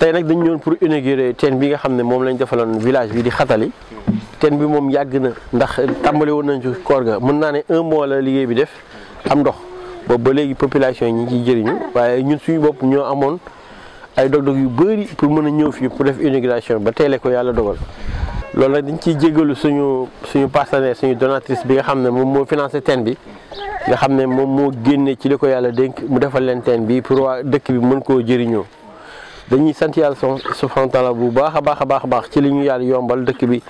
tey nag dañu doon pour inaugurer teen bi nga xam ne moom lañ defaloon village bi di xatali teen bi moom yàgg na ndax tàmbali woon nañ ci koor ga mën naa ne un mois la liggéey bi def am ndox boobu ba léegi population yi ñu ciy jëriñu waaye ñun suñu bopp ñoo amoon ay dog-dog yu bëri pour mën a ñëw fii pour def inauguration ba tey ko yàlla dogal loolu nag dañ ciy jégalu suñu suñu partenaire suñu donatrice bi nga xam ne moom moo financé teen bi nga xam ne moom moo génne ci li ko yàlla dénk mu defal leen bi pour waa dëkk bi mën koo jëriñoo dañuy sant son subhaanahu bu baax a baax a baax a baax ci li ñu yàlla yombal dëkk bi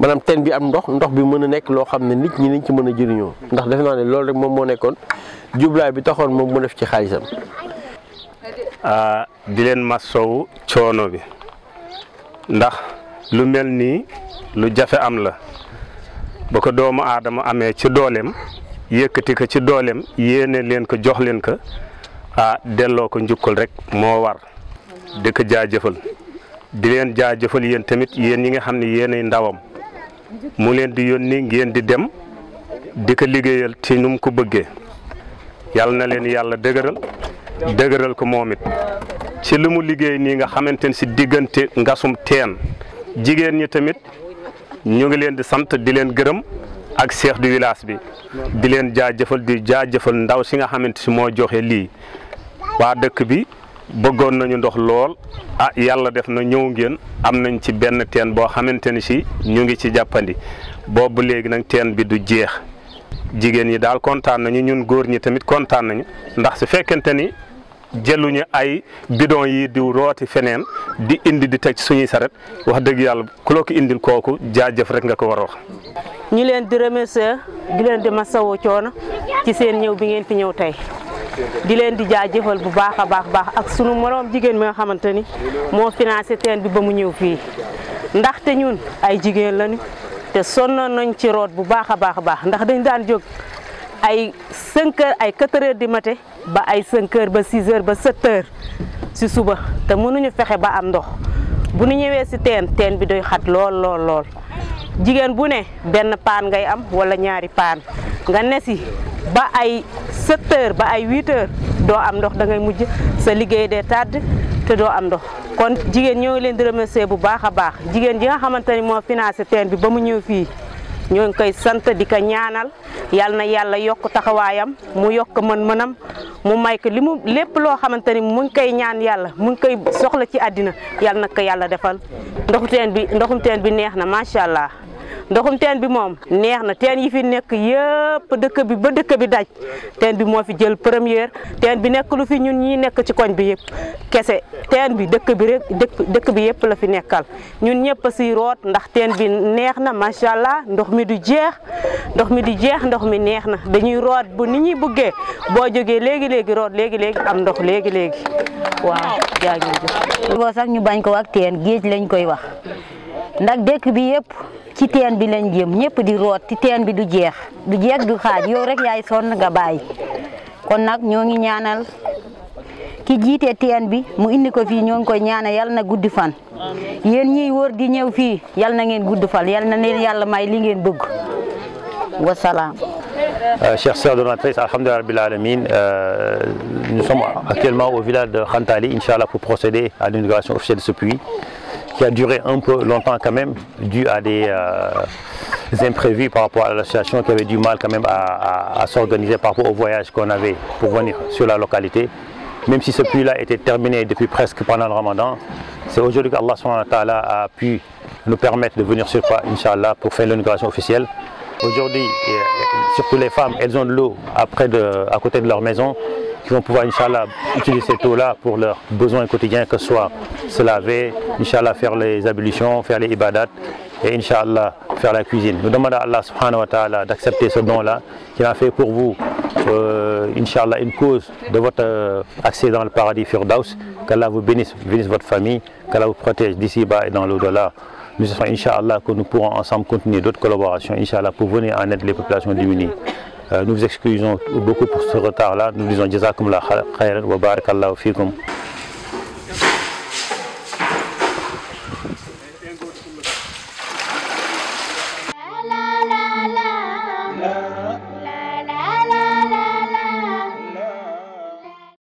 maanaam teen bi am ndox ndox bi mën a nekk loo xam ne nit ñi niñ ci mën a juriñoo ndax def naa ne loolu rek moom moo nekkoon jublaay bi taxoon moom mu def ci xaalisam. di leen masow coono bi ndax lu mel nii lu jafe am la ba ko doomu aadama amee ci dooleem yëkkati ko ci dooleem yéene leen ko jox leen ko ah delloo ko njukkal rek moo war. di ko jaajëfal di leen jaajëfal yéen tamit yéen ñi nga xam ni ne yéenay ndawam mu leen di yónni ngeen di dem di ko liggéeyal ci nu mu ko bëggee yàlla na leen yàlla dëgëral dëgëral ko moom it ci li mu liggéey nii nga xamante ne si diggante ngasum teen jigéen ñi tamit ñu ngi leen di sant di leen gërëm ak chef di village bi di leen jaajëfal di jaajëfal ndaw si nga xamant si moo joxe lii waa dëkk bi bëggoon nañu ndox lool a ah, yàlla def na ñëw ngeen am nañ ci benn teen boo xamante ni si ñu ngi ci jàppandi boobu léegi nag teen bi du jeex jigéen ñi daal kontaan nañu ñun góor ñi tamit kontaan nañu ndax su fekkente ni jëluñu ay bidon yi di rooti feneen di indi di teg suñuy saret wax dëgg yàlla ku la ko indil kooku jaajëf rek nga ko war a wax. ñu leen di remercier di leen di masawu coono ci seen ñëw bi ngeen fi ñëw tey. di leen di jaajëfal bu baax a baax baax ak sunu moroom jigéen mi nga xamante ni moo financé teen bi ba mu ñëw fii ndaxte ñun ay jigéen la lañu te sonnoon nañ ci root bu baax a baax a baax ndax dañ daan jóg ay 5 ay quatre heures du matin ba ay 5 heures ba 6 heures ba 7 heures si suba te mënuñu fexe ba am ndox bu ñu ñëwee si teen teen bi doy xat lool lool lool jigéen bu ne benn paan ngay am walla ñaari paan nga ne si ba ay 7 ba ay 8 doo am ndox da ngay mujj sa liggéey de tàdd te doo am ndox kon jigéen ñoo leen di remercier bu baax a baax jigéen ji nga xamante ni moo financé teen bi ba mu ñëw fii ñoo ngi koy sant di ko ñaanal yal na yàlla yokk taxawaayam mu yokk mën-mënam mu may ko li mu lépp loo xamante ni mu ngi koy ñaan yàlla mu ngi koy soxla ci àddina yal nag ko yàlla defal ndoxum teen bi neex na macha allah. ndoxum teen bi moom neex na teen yi fi nekk yëpp dëkk bi ba dëkk bi daj teen bi moo fi jël première teen bi nekk lu fi ñun ñi nekk ci koñ bi yëpp kese teen bi dëkk bi bi yëpp la fi nekkal ñun ñëpp si root ndax teen bi neex na macha allah ndox mi du jeex ndox mi du jeex ndox mi neex na dañuy root bu ni ñuy buggee boo jógee léegi léegi root léegi léegi am ndox léegi léegi waaw jaa ngeen jëf. boo sax ñu bañ ko ak teen géej lañ koy wax. nak dekk bi yëpp ci teen bi lañ jëm ñëpp di root ci teen bi du jeex du jeex du xaaj yow rek yaay sonn nga bàyyi kon nag ñoo ngi ñaanal ki jiite teen bi mu indi ko fii ñoo ngi koy ñaanal yal na guddi fan yéen ñiy wër di ñëw fii yal na ngeen gudd fan yal na leen yàlla may li ngeen bëgg wasalaam. Euh, Cheikh sœurs donatrices, Alhamdulillah Rabbil Alamin, euh, nous sommes actuellement au village de Khantali, Inch'Allah, pour procéder à l'inauguration officielle de ce puits qui a duré un peu longtemps quand même, dû à euh, des, imprévus par rapport à l'association qui avait du mal quand même à, s'organiser par rapport au voyage qu'on avait pour venir sur la localité. Même si ce puits-là était terminé depuis presque pendant le ramadan, c'est aujourd'hui qu'Allah a pu nous permettre de venir sur toi, Inch'Allah, pour faire l'inauguration officielle. Aujourd'hui, euh, surtout les femmes, elles ont de l'eau de à côté de leur maison qui vont pouvoir, Inch'Allah, utiliser cette eau-là pour leurs besoins quotidiens, que ce soit se laver, Inch'Allah, faire les ablutions, faire les ibadats et Inch'Allah, faire la cuisine. Nous demandons à Allah subhanahu wa ta'ala d'accepter ce don-là qui a fait pour vous, euh, une cause de votre euh, accès dans le paradis Firdaus. Qu'Allah vous bénisse, bénisse votre famille, qu'Allah vous protège d'ici-bas et dans l'au-delà. Nous espérons, Inch'Allah, que nous pourrons ensemble continuer d'autres collaborations, Inch'Allah, pour venir en aide les populations démunies. Euh, nous vous excusons beaucoup pour ce retard-là. Nous vous disons la khayr wa barakallahu fikum.